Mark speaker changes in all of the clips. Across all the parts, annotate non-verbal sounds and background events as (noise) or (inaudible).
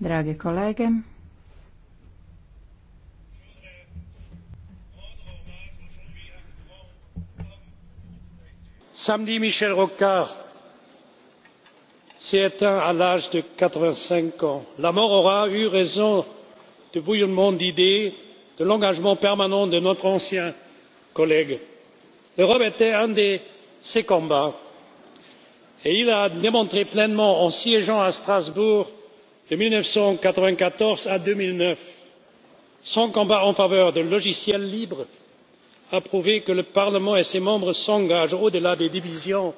Speaker 1: drage kolege.
Speaker 2: Samedi, Michel Rocard s'est éteint à l'âge de 85 ans. La mort aura eu raison du bouillonnement d'idées, de l'engagement permanent de notre ancien collègue. L'Europe était un de ses combats et il a démontré pleinement en siégeant à Strasbourg de mille neuf cent quatre vingt quatorze à deux mille neuf son combat en faveur de logiciels libres a prouvé que le parlement et ses membres s'engagent au delà des divisions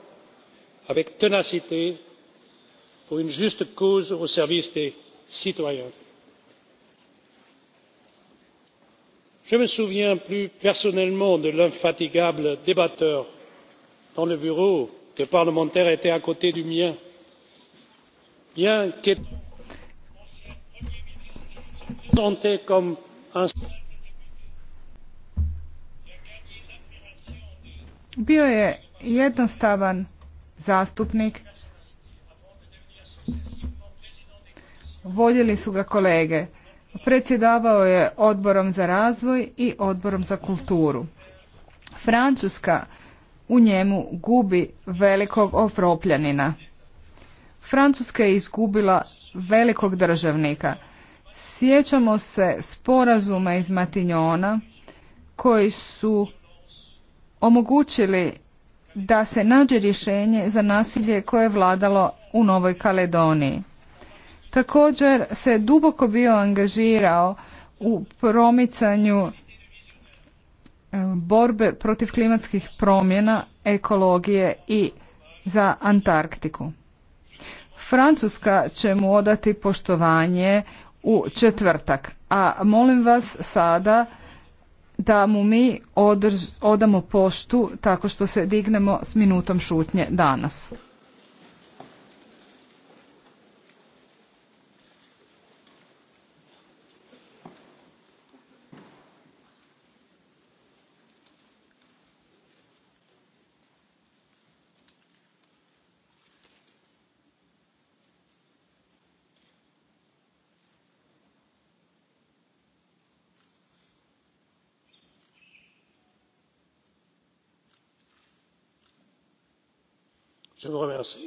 Speaker 2: avec ténacité pour une juste cause au service des citoyens. je me souviens plus personnellement de l'infatigable débatteur dont le bureau de parlementaire était à côté du mien bien qu'étant présenté comme
Speaker 1: bio je jednostavan zastupnik voljeli su ga kolege predsjedavao je odborom za razvoj i odborom za kulturu francuska u njemu gubi velikog ofropljanina francuska je izgubila velikog državnika Sjećamo se sporazuma iz Matinjona koji su omogućili da se nađe rješenje za nasilje koje je vladalo u Novoj Kaledoniji. Također se duboko bio angažirao u promicanju e, borbe protiv klimatskih promjena, ekologije i za Antarktiku. Francuska će mu odati poštovanje u četvrtak. A molim vas sada da mu mi odamo poštu tako što se dignemo s minutom šutnje danas.
Speaker 2: Je vous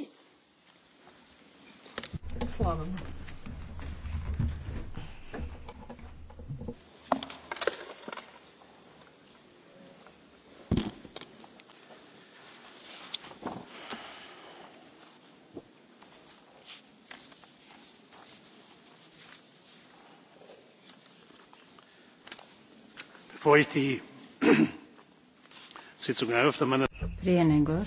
Speaker 1: ich die (clears throat) Sitzung